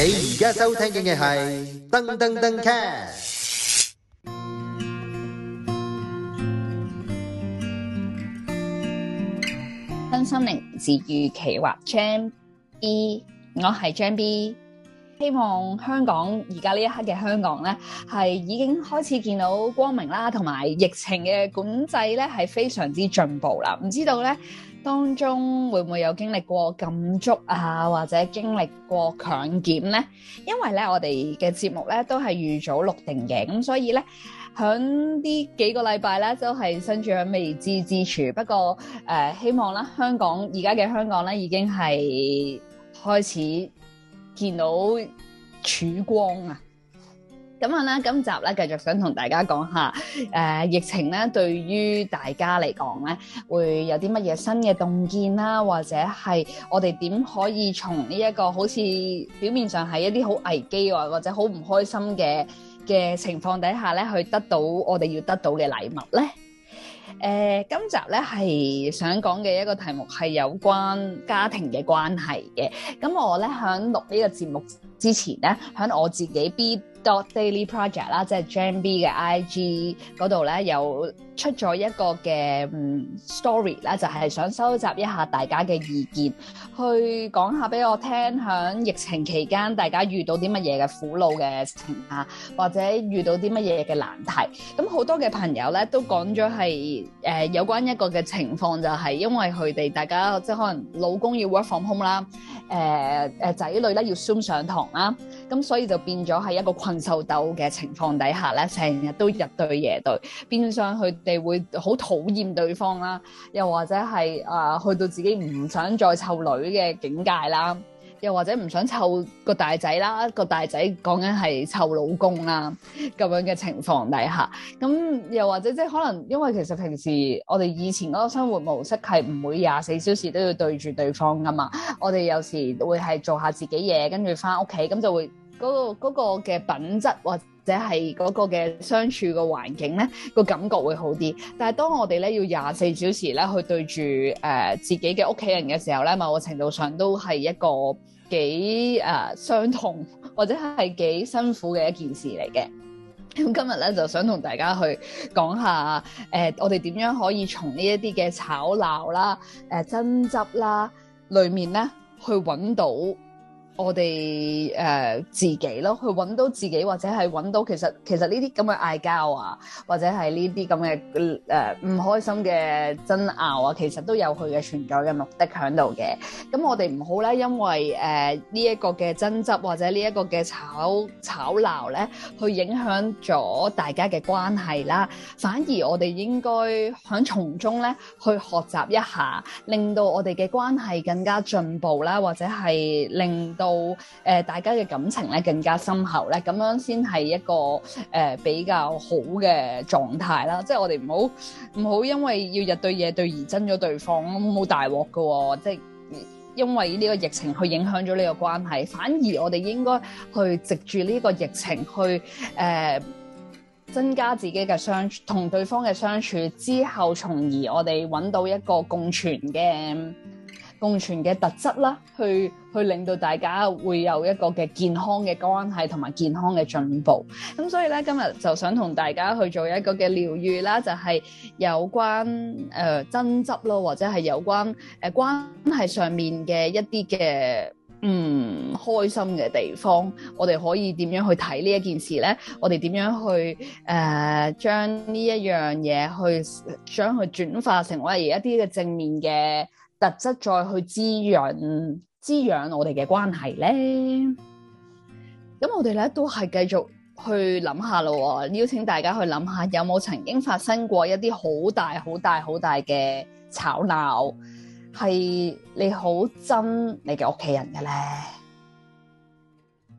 你而家收聽嘅係噔噔噔 cast，新心靈治癒企劃 Jam B，我係 Jam B。希望香港而家呢一刻嘅香港呢，係已經開始見到光明啦，同埋疫情嘅管制呢，係非常之進步啦。唔知道呢當中會唔會有經歷過禁足啊，或者經歷過強檢呢？因為呢，我哋嘅節目呢，都係預早錄定嘅，咁所以呢，響呢幾個禮拜呢，都係身處喺未知之處。不過誒、呃，希望啦，香港而家嘅香港呢，已經係開始。見到曙光啊！咁啊啦。今集咧繼續想同大家講下，誒、呃、疫情咧對於大家嚟講咧，會有啲乜嘢新嘅洞見啦，或者係我哋點可以從呢、這、一個好似表面上係一啲好危機啊，或者好唔開心嘅嘅情況底下咧，去得到我哋要得到嘅禮物咧？誒、呃、今集咧係想講嘅一個題目係有關家庭嘅關係嘅。咁我咧響錄呢個節目之前咧，響我自己 B。daily project 啦，即係 Jam B 嘅 IG 度咧，有出咗一個嘅 story 啦，就係、是、想收集一下大家嘅意見，去講下俾我聽響疫情期間大家遇到啲乜嘢嘅苦惱嘅事情啊，或者遇到啲乜嘢嘅難題，咁好多嘅朋友咧都講咗係誒有關一個嘅情況就係因為佢哋大家即係可能老公要 work from home 啦、呃，誒誒仔女咧要 zoom 上堂啦，咁所以就變咗係一個困。受鬥嘅情況底下咧，成日都日對夜對，變相佢哋會好討厭對方啦，又或者係啊去到自己唔想再湊女嘅境界啦，又或者唔想湊個大仔啦，個大仔講緊係湊老公啦咁樣嘅情況底下，咁、嗯、又或者即係可能因為其實平時我哋以前嗰個生活模式係唔會廿四小時都要對住對方㗎嘛，我哋有時會係做下自己嘢，跟住返屋企咁就會，嗰個嗰個嘅品質或者係嗰個嘅相處嘅環境咧，個感覺會好啲。但係當我哋咧要廿四小時咧去對住誒、呃、自己嘅屋企人嘅時候咧，某個程度上都係一個幾誒、呃、傷痛或者係幾辛苦嘅一件事嚟嘅。咁今日咧就想同大家去講下誒、呃，我哋點樣可以從呢一啲嘅吵鬧啦、誒、呃、爭執啦裏面咧去揾到。我哋誒、呃、自己咯，去揾到自己或者係揾到其實其實呢啲咁嘅嗌交啊，或者係呢啲咁嘅誒唔開心嘅爭拗啊，其實都有佢嘅存在嘅目的喺度嘅。咁我哋唔好咧，因為誒呢一個嘅爭執或者這個炒炒呢一個嘅吵吵鬧咧，去影響咗大家嘅關係啦。反而我哋應該喺從中咧去學習一下，令到我哋嘅關係更加進步啦，或者係令到。到誒大家嘅感情咧更加深厚咧，咁樣先係一個誒、呃、比較好嘅狀態啦。即係我哋唔好唔好，因為要日對夜對而憎咗對方，冇大鑊㗎喎。即係因為呢個疫情去影響咗呢個關係，反而我哋應該去藉住呢個疫情去誒、呃、增加自己嘅相處同對方嘅相處，之後從而我哋揾到一個共存嘅共存嘅特質啦，去。去令到大家會有一個嘅健康嘅關係同埋健康嘅進步，咁所以咧今日就想同大家去做一個嘅療愈啦，就係、是、有關誒、呃、爭執咯，或者係有關誒、呃、關係上面嘅一啲嘅唔開心嘅地方，我哋可以點樣去睇呢一件事咧？我哋點樣去誒、呃、將呢一樣嘢去將佢轉化成為一啲嘅正面嘅特質，再去滋潤。滋養我哋嘅關係咧，咁我哋咧都係繼續去諗下咯。邀請大家去諗下，有冇曾經發生過一啲好大、好大、好大、好大、好大嘅吵鬧，係你好憎你嘅屋企人嘅咧？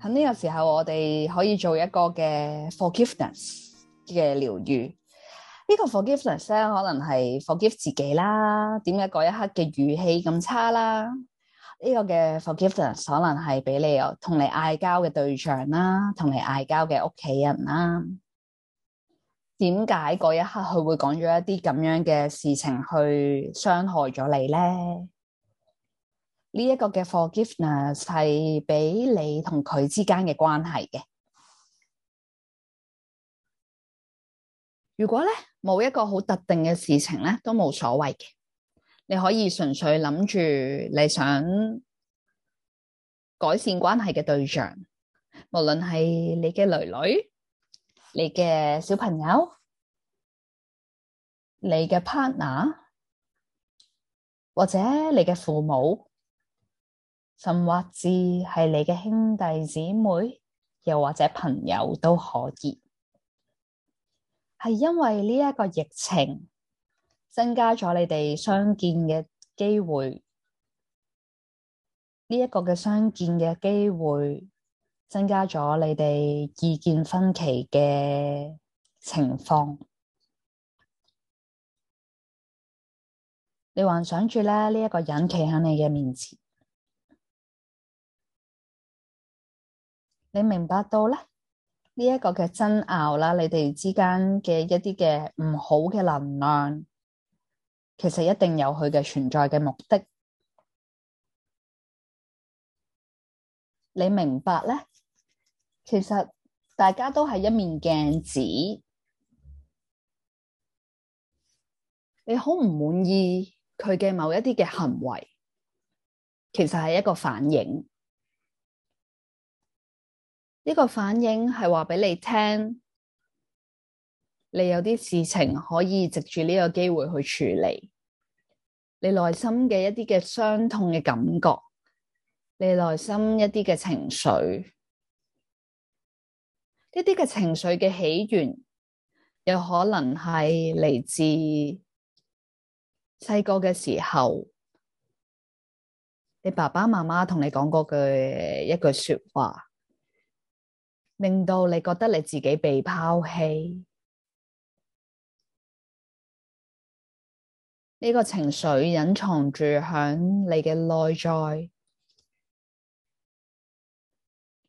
喺呢個時候我哋可以做一個嘅 forgiveness 嘅療愈。呢個 forgiveness 咧，可能係 forgive 自己啦，點解嗰一刻嘅語氣咁差啦？呢個嘅 forgiveness 可能係俾你同你嗌交嘅對象啦，同你嗌交嘅屋企人啦。點解嗰一刻佢會講咗一啲咁樣嘅事情去傷害咗你咧？呢一個嘅 forgiveness 係俾你同佢之間嘅關係嘅。如果咧冇一個好特定嘅事情咧，都冇所謂嘅。你可以純粹諗住你想改善關係嘅對象，無論係你嘅女女、你嘅小朋友、你嘅 partner，或者你嘅父母，甚或至係你嘅兄弟姊妹，又或者朋友都可以。係因為呢一個疫情。增加咗你哋相見嘅機會，呢一個嘅相見嘅機會增加咗你哋意見分歧嘅情況。你幻想住咧呢一個人企喺你嘅面前，你明白到咧呢一個嘅爭拗啦，你哋之間嘅一啲嘅唔好嘅能量。其實一定有佢嘅存在嘅目的，你明白咧？其實大家都係一面鏡子，你好唔滿意佢嘅某一啲嘅行為，其實係一個反應。呢個反應係話俾你聽。你有啲事情可以藉住呢個機會去處理你內心嘅一啲嘅傷痛嘅感覺，你內心一啲嘅情緒，一啲嘅情緒嘅起源，有可能係嚟自細個嘅時候，你爸爸媽媽同你講過句一句說話，令到你覺得你自己被拋棄。呢個情緒隱藏住喺你嘅內在，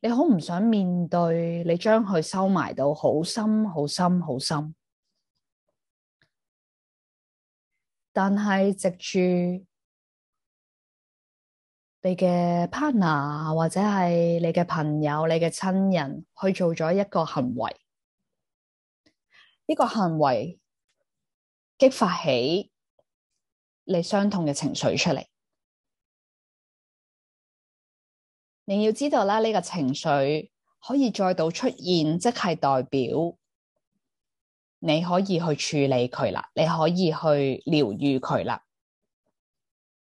你好唔想面對，你將佢收埋到好深、好深、好深。但係藉住你嘅 partner 或者係你嘅朋友、你嘅親人去做咗一個行為，呢個行為激發起，你傷痛嘅情緒出嚟，你要知道啦，呢個情緒可以再度出現，即係代表你可以去處理佢啦，你可以去療癒佢啦。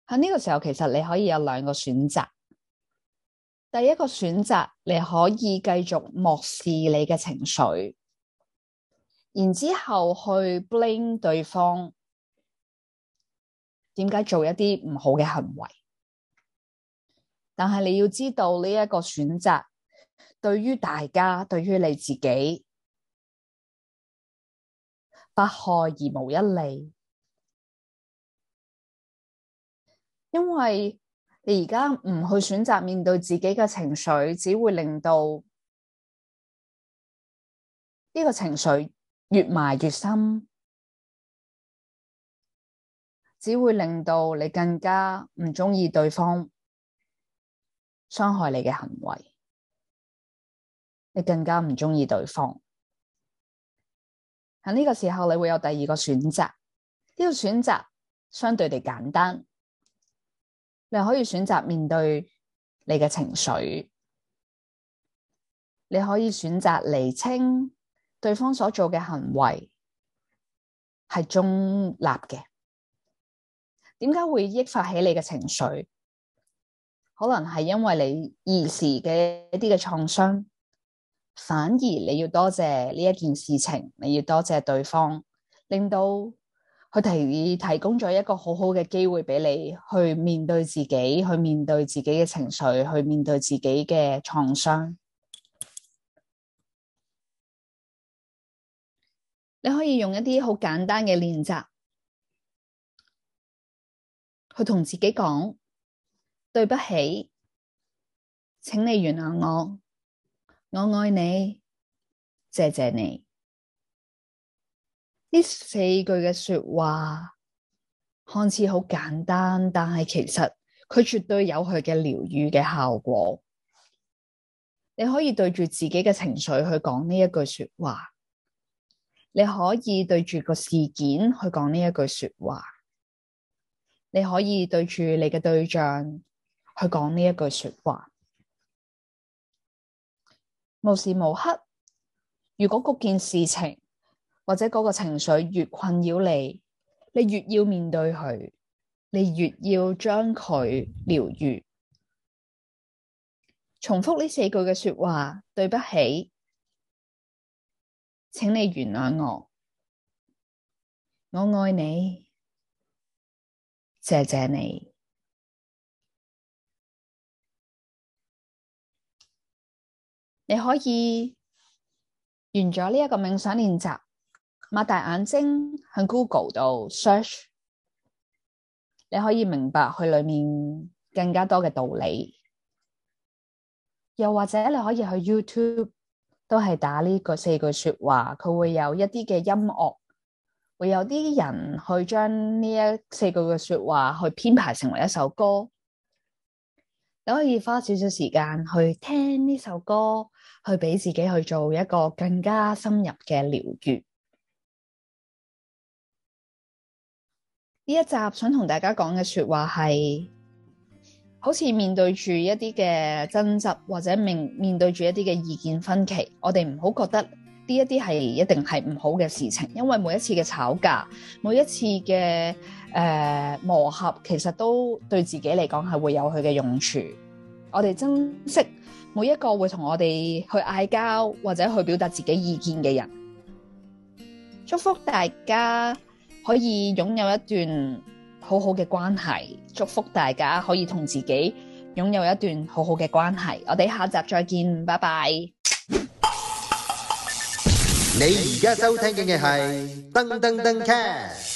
喺呢個時候，其實你可以有兩個選擇。第一個選擇，你可以繼續漠視你嘅情緒，然之後去 blame 對方。點解做一啲唔好嘅行為？但係你要知道呢一個選擇，對於大家，對於你自己，百害而無一利。因為你而家唔去選擇面對自己嘅情緒，只會令到呢個情緒越埋越深。只會令到你更加唔鍾意對方傷害你嘅行為，你更加唔鍾意對方。喺呢個時候，你會有第二個選擇，呢個選擇相對地簡單。你可以選擇面對你嘅情緒，你可以選擇釐清對方所做嘅行為係中立嘅。點解會激發起你嘅情緒？可能係因為你兒時嘅一啲嘅創傷，反而你要多謝呢一件事情，你要多謝對方，令到佢提、提供咗一個好好嘅機會俾你去面對自己，去面對自己嘅情緒，去面對自己嘅創傷。你可以用一啲好簡單嘅練習。佢同自己講對不起，請你原諒我，我愛你，謝謝你。呢四句嘅說話看似好簡單，但係其實佢絕對有佢嘅療癒嘅效果。你可以對住自己嘅情緒去講呢一句說話，你可以對住個事件去講呢一句說話。你可以對住你嘅對象去講呢一句說話，無時無刻。如果嗰件事情或者嗰個情緒越困擾你，你越要面對佢，你越要將佢療愈。重複呢四句嘅說話：對不起，請你原諒我，我愛你。謝謝你，你可以完咗呢一個冥想練習，擘大眼睛向 Google 度 search，你可以明白佢裏面更加多嘅道理。又或者你可以去 YouTube，都係打呢個四句說話，佢會有一啲嘅音樂。會有啲人去將呢一四句嘅說話去編排成為一首歌，你可以花少少時間去聽呢首歌，去俾自己去做一個更加深入嘅療愈。呢一集想同大家講嘅說話係，好似面對住一啲嘅爭執或者面面對住一啲嘅意見分歧，我哋唔好覺得。呢一啲係一定係唔好嘅事情，因為每一次嘅吵架，每一次嘅、呃、磨合，其實都對自己嚟講係會有佢嘅用處。我哋珍惜每一個會同我哋去嗌交或者去表達自己意見嘅人。祝福大家可以擁有一段好好嘅關係，祝福大家可以同自己擁有一段好好嘅關係。我哋下集再見，拜拜。你而家收聽嘅係《噔噔噔 Cat》丁丁丁丁。